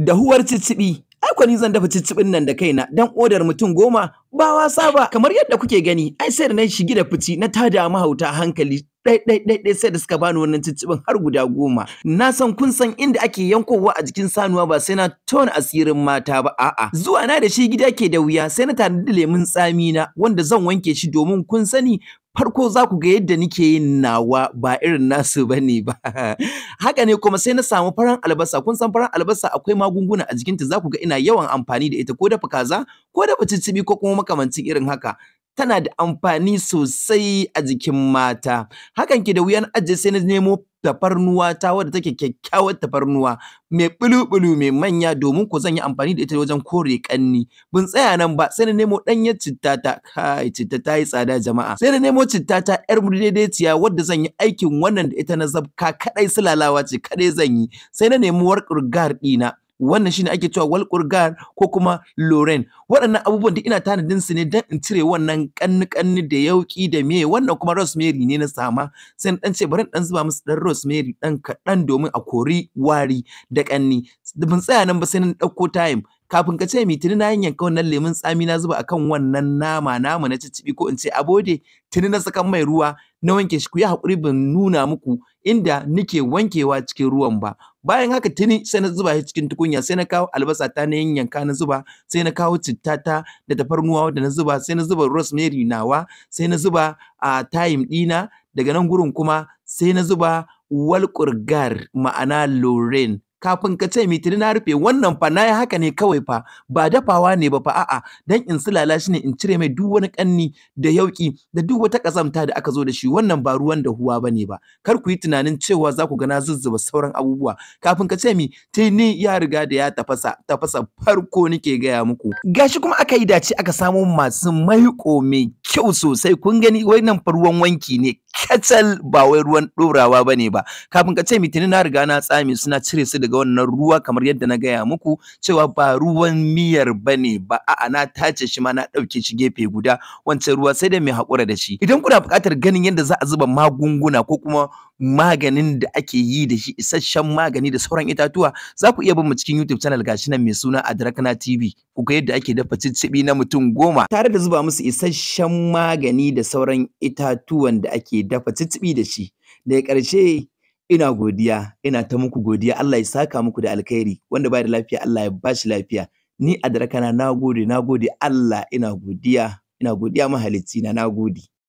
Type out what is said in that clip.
dahuwar cicciɓi ai kwani zan dafa cicciɓin nan da kaina dan odar mutum goma ba wasa ba kamar yadda kuke gani ai sai da na shigi da fici na tada mahauta hankali ɗai-ɗai-ɗai sai da suka bani wannan cicciɓin har guda goma. Na san kun san inda ake yankowa a jikin sanuwa ba sai na tona asirin mata ba a'a. Zuwa na da shi gida ke da wuya sai na tanadi da lemun tsami na wanda zan wanke shi domin kun sani farko za ku ga yadda nike yin nawa ba irin nasu ba ne ba haka ne kuma sai na samu faran albasa kun san faran albasa akwai magunguna a jikinta za ku ga ina yawan amfani da ita ko dafa kaza ko dafa ciccibi ko kuma makamancin irin haka tana da amfani sosai a jikin mata. Hakan ke da wuyan ajiye sai na nemo tafarnuwa ta wadda take kyakkyawar tafarnuwa mai bulu mai manya domin ko zan yi amfani da ita wajen kore kanni bin tsaya nan ba sai na nemo ɗanyar citta ta kai citta ta yi tsada jama'a sai na nemo citta ta yar daidaiciya wadda zan yi aikin wannan da ita na zabka kadai sulalawa ce kadai zan yi sai na nemi warkar gar ɗina wannan shine ake cewa Walƙurgar ko kuma loren waɗannan abubuwan duk ina tanadin su ne dan in cire wannan kanni kanni da yauki da me wannan kuma rosemary ne na sama sai dan ce bari dan zuba musu dan rosemary dan kaɗan domin a kori wari da kanni ban tsaya nan ba sai na ɗauko time kafin ka ce mi tuni na yanka wannan lemun tsami na zuba akan wannan nama nama na ciccibi ko in ce abode tuni na sakan mai ruwa na wanke shi ku yi haƙuri ban nuna muku inda nike wankewa cikin ruwan ba bayan haka tuni sai na zuba shi cikin tukunya sai na kawo albasa ta na yanka na zuba sai na kawo citta ta da tafarnuwa wanda na zuba sai na zuba rosemary nawa sai na zuba a time dina, daga nan gurin kuma sai na zuba walƙurgar ma'ana lorraine kafin ka ce mitiri na rufe wannan fa na haka ne kawai fa ba dafawa ne ba fa a'a dan in su lalashi ne in cire mai duk wani kanni da yauki da duk wata kasamta da aka zo da shi wannan ba ruwan da huwa bane ba kar ku yi tunanin cewa za ku ga na zuzzuba sauran abubuwa kafin ka ce mi ni ya riga da ya tafasa tafasa farko nake gaya muku gashi kuma aka yi dace aka samu masu maiko mai kyau sosai kun gani wannan ruwan wanki ne kacal ba wai ruwan dorawa ba ba kafin ka ce mitini na riga na tsami suna cire su daga wannan ruwa kamar yadda na gaya muku cewa ba ruwan miyar ba ba a'a na tace shi ma na ɗauke shi gefe guda wancan ruwa sai da mai hakura da shi idan kuna buƙatar ganin yadda za a zuba magunguna ko kuma maganin da ake yi da shi isasshen magani da sauran itatuwa za ku iya bin mu cikin YouTube channel gashi nan mai suna adrakana TV ku ga yadda ake dafa ciccibi na mutum goma tare da zuba musu isasshen magani da sauran itatuwan da ake dafa ciccibi da shi Da ya ƙarshe ina godiya ina ta muku godiya Allah ya saka muku da alkhairi wanda ba da lafiya Allah ya bashi lafiya ni Adrakana nagode nagode Allah ina godiya ina godiya mahalicci na nagode